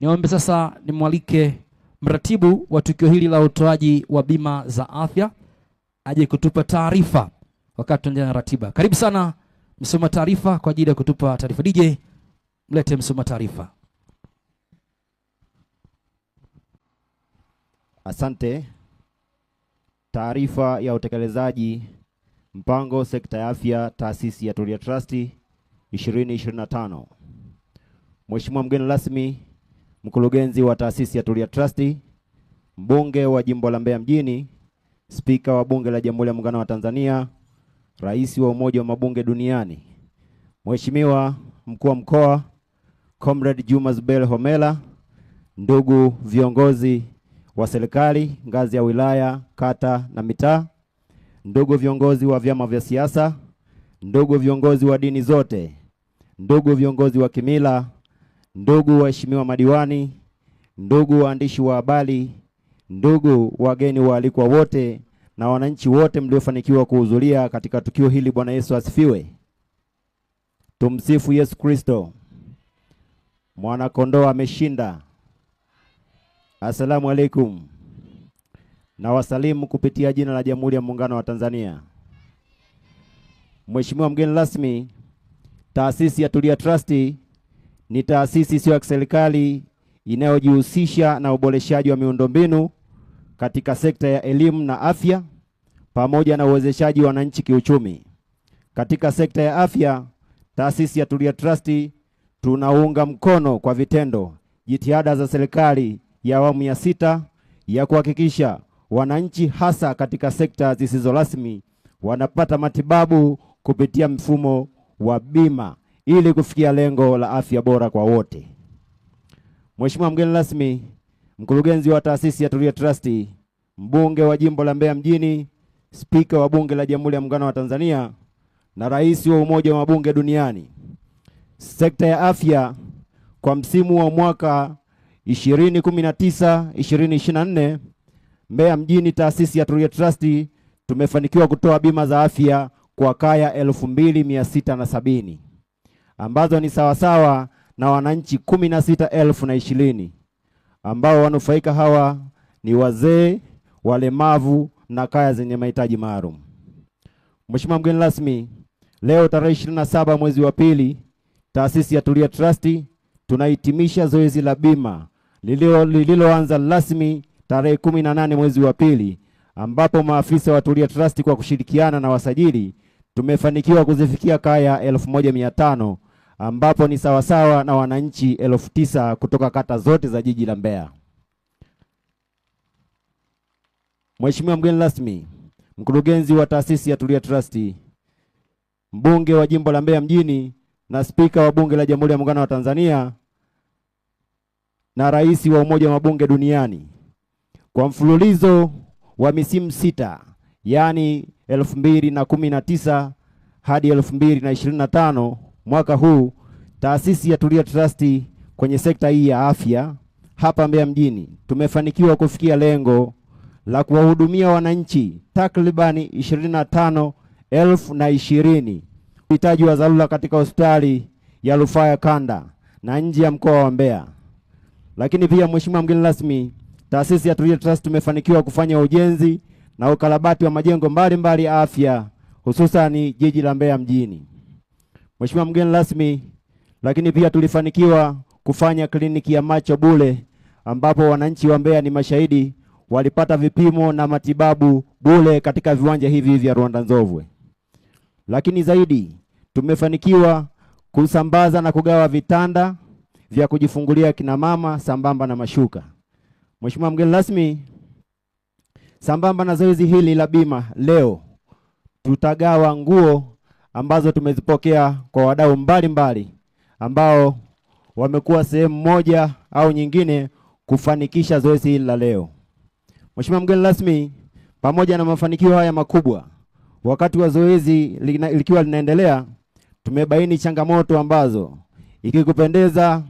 Niombe sasa nimwalike mratibu wa tukio hili la utoaji wa bima za afya aje kutupa taarifa wakati tunaendelea na ratiba. Karibu sana msoma taarifa kwa ajili ya kutupa taarifa. DJ, mlete msoma taarifa. Asante. Taarifa ya utekelezaji mpango sekta ya afya taasisi ya Tulia Trust 2025. Mheshimiwa mgeni rasmi mkurugenzi wa taasisi ya Tulia Trust, mbunge wa jimbo la Mbeya mjini, spika wa bunge la Jamhuri ya Muungano wa Tanzania, rais wa Umoja wa Mabunge Duniani, Mheshimiwa mkuu wa mkoa Comrade Juma Zuberi homela ndugu viongozi wa serikali ngazi ya wilaya, kata na mitaa, ndugu viongozi wa vyama vya siasa, ndugu viongozi wa dini zote, ndugu viongozi wa kimila Ndugu waheshimiwa madiwani, ndugu waandishi wa habari, ndugu wageni waalikwa wote na wananchi wote mliofanikiwa kuhudhuria katika tukio hili, Bwana Yesu asifiwe. Tumsifu Yesu Kristo. Mwana kondoo ameshinda. Asalamu alaikum. Na wasalimu kupitia jina la Jamhuri ya Muungano wa Tanzania. Mheshimiwa mgeni rasmi, taasisi ya Tulia Trust ni taasisi isiyo ya kiserikali inayojihusisha na uboreshaji wa miundombinu katika sekta ya elimu na afya pamoja na uwezeshaji wa wananchi kiuchumi. Katika sekta ya afya, taasisi ya Tulia Trust tunaunga mkono kwa vitendo jitihada za serikali ya awamu ya sita ya kuhakikisha wananchi hasa katika sekta zisizo rasmi wanapata matibabu kupitia mfumo wa bima ili kufikia lengo la afya bora kwa wote. Mheshimiwa mgeni rasmi, mkurugenzi wa taasisi ya Tulia Trust, mbunge wa jimbo la Mbeya mjini, spika wa bunge la Jamhuri ya Muungano wa Tanzania na rais wa Umoja wa Mabunge Duniani, sekta ya afya kwa msimu wa mwaka 2019 2024, Mbeya mjini, taasisi ya Tulia Trust tumefanikiwa kutoa bima za afya kwa kaya 2670 ambazo ni sawasawa na wananchi kumi na sita elfu na ishirini ambao wanufaika hawa ni wazee, walemavu na kaya zenye mahitaji maalum. Mheshimiwa mgeni rasmi, leo tarehe 27 mwezi wa pili, taasisi ya Tulia Trust tunahitimisha zoezi la bima lililoanza rasmi tarehe nane mwezi wa pili, ambapo maafisa wa Tulia Trust kwa kushirikiana na wasajili tumefanikiwa kuzifikia kaya 1500 ambapo ni sawasawa na wananchi elfu tisa kutoka kata zote za jiji la Mbeya. Mheshimiwa mgeni rasmi, mkurugenzi wa taasisi ya Tulia Trust, mbunge wa jimbo la Mbeya mjini na spika wa bunge la Jamhuri ya Muungano wa Tanzania na rais wa Umoja wa Mabunge Duniani, kwa mfululizo wa misimu sita, yaani 2019 hadi 2025 mwaka huu taasisi ya Tulia Trust kwenye sekta hii ya afya hapa Mbeya mjini tumefanikiwa kufikia lengo la kuwahudumia wananchi takribani ishirini na tano elfu na ishirini uhitaji wa dharura katika hospitali ya rufaa ya kanda na nje ya mkoa wa Mbeya. Lakini pia Mheshimiwa mgeni rasmi, taasisi ya Tulia Trust tumefanikiwa kufanya ujenzi na ukarabati wa majengo mbalimbali ya afya hususani jiji la Mbeya mjini. Mheshimiwa mgeni rasmi, lakini pia tulifanikiwa kufanya kliniki ya macho bure, ambapo wananchi wa Mbeya ni mashahidi, walipata vipimo na matibabu bure katika viwanja hivi vya Rwanda Nzovwe. Lakini zaidi tumefanikiwa kusambaza na kugawa vitanda vya kujifungulia kina mama sambamba na mashuka. Mheshimiwa mgeni rasmi, sambamba na zoezi hili la bima, leo tutagawa nguo ambazo tumezipokea kwa wadau mbalimbali ambao wamekuwa sehemu moja au nyingine kufanikisha zoezi hili la leo. Mheshimiwa mgeni rasmi, pamoja na mafanikio haya makubwa, wakati wa zoezi likiwa linaendelea, tumebaini changamoto ambazo, ikikupendeza,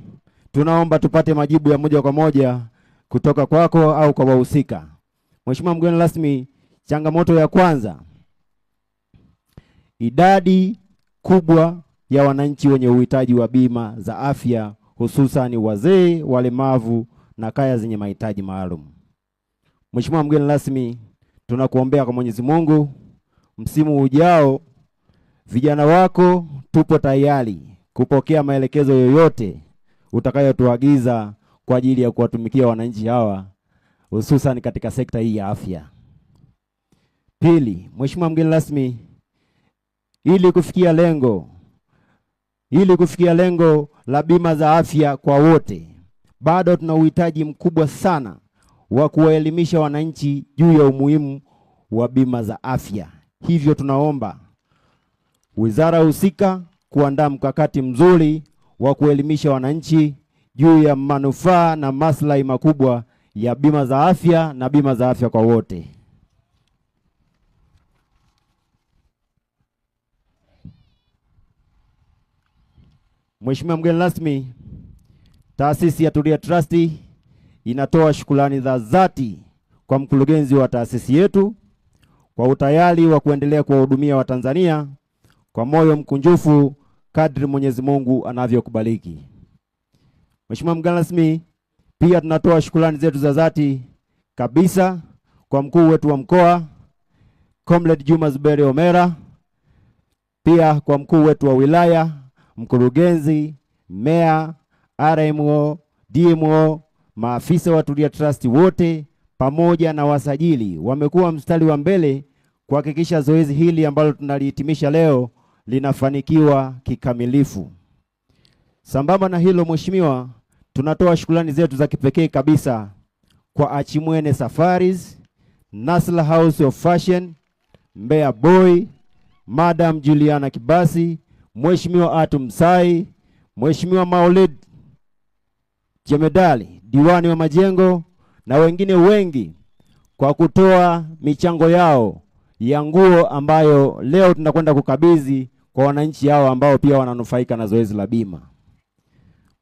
tunaomba tupate majibu ya moja kwa moja kutoka kwako au kwa wahusika. Mheshimiwa mgeni rasmi, changamoto ya kwanza idadi kubwa ya wananchi wenye uhitaji wa bima za afya hususan wazee, walemavu na kaya zenye mahitaji maalum. Mheshimiwa mgeni rasmi, tunakuombea kwa Mwenyezi Mungu, msimu ujao vijana wako tupo tayari kupokea maelekezo yoyote utakayotuagiza kwa ajili ya kuwatumikia wananchi hawa hususan katika sekta hii ya afya. Pili, Mheshimiwa mgeni rasmi ili kufikia lengo ili kufikia lengo la bima za afya kwa wote, bado tuna uhitaji mkubwa sana wa kuwaelimisha wananchi juu ya umuhimu wa bima za afya. Hivyo tunaomba wizara husika kuandaa mkakati mzuri wa kuelimisha wananchi juu ya manufaa na maslahi makubwa ya bima za afya na bima za afya kwa wote. Mheshimiwa mgeni rasmi, taasisi ya Tulia Trust inatoa shukrani za dhati kwa mkurugenzi wa taasisi yetu kwa utayari wa kuendelea kuwahudumia Watanzania kwa moyo mkunjufu kadri Mwenyezi Mungu anavyokubariki. Mheshimiwa mgeni rasmi, pia tunatoa shukrani zetu za dhati kabisa kwa mkuu wetu wa mkoa Comrade Juma Zuberi Omera, pia kwa mkuu wetu wa wilaya mkurugenzi, meya, RMO, DMO, maafisa wa Tulia Trust wote pamoja na wasajili wamekuwa mstari wa mbele kuhakikisha zoezi hili ambalo tunalihitimisha leo linafanikiwa kikamilifu. Sambamba na hilo, Mheshimiwa, tunatoa shukrani zetu za kipekee kabisa kwa Achimwene Safaris, Nasla House of Fashion, Mbeya Boy, Madam Juliana Kibasi Mheshimiwa Atum Sai, Mheshimiwa Maulid Jemedali, diwani wa majengo na wengine wengi kwa kutoa michango yao ya nguo ambayo leo tunakwenda kukabidhi kwa wananchi hao ambao pia wananufaika na zoezi la bima.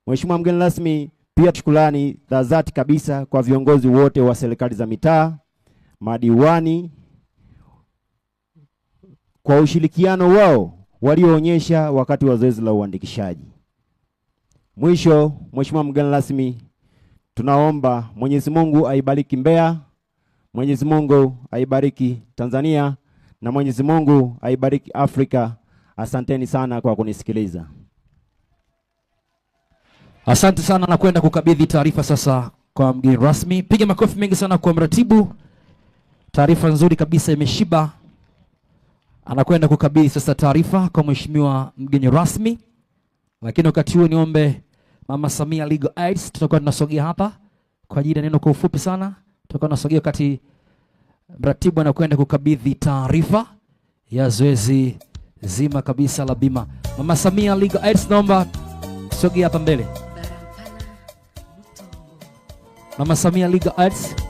Mheshimiwa mgeni rasmi, pia shukrani za dhati kabisa kwa viongozi wote wa serikali za mitaa, madiwani kwa ushirikiano wao walioonyesha wakati wa zoezi la uandikishaji. Mwisho, Mheshimiwa mgeni rasmi, tunaomba Mwenyezi Mungu aibariki Mbeya, Mwenyezi Mungu aibariki Tanzania na Mwenyezi Mungu aibariki Afrika. Asanteni sana kwa kunisikiliza. Asante sana na kwenda kukabidhi taarifa sasa kwa mgeni rasmi. Piga makofi mengi sana kwa mratibu. Taarifa nzuri kabisa imeshiba anakwenda kukabidhi sasa taarifa kwa mheshimiwa mgeni rasmi, lakini wakati huo niombe Mama Samia Legal Aids, tutakuwa tunasogea hapa kwa ajili ya neno kwa ufupi sana. Tutakuwa tunasogea wakati mratibu anakwenda kukabidhi taarifa ya zoezi zima kabisa la bima. Mama Samia Legal Aids, naomba sogea hapa mbele. Mama Samia Legal Aids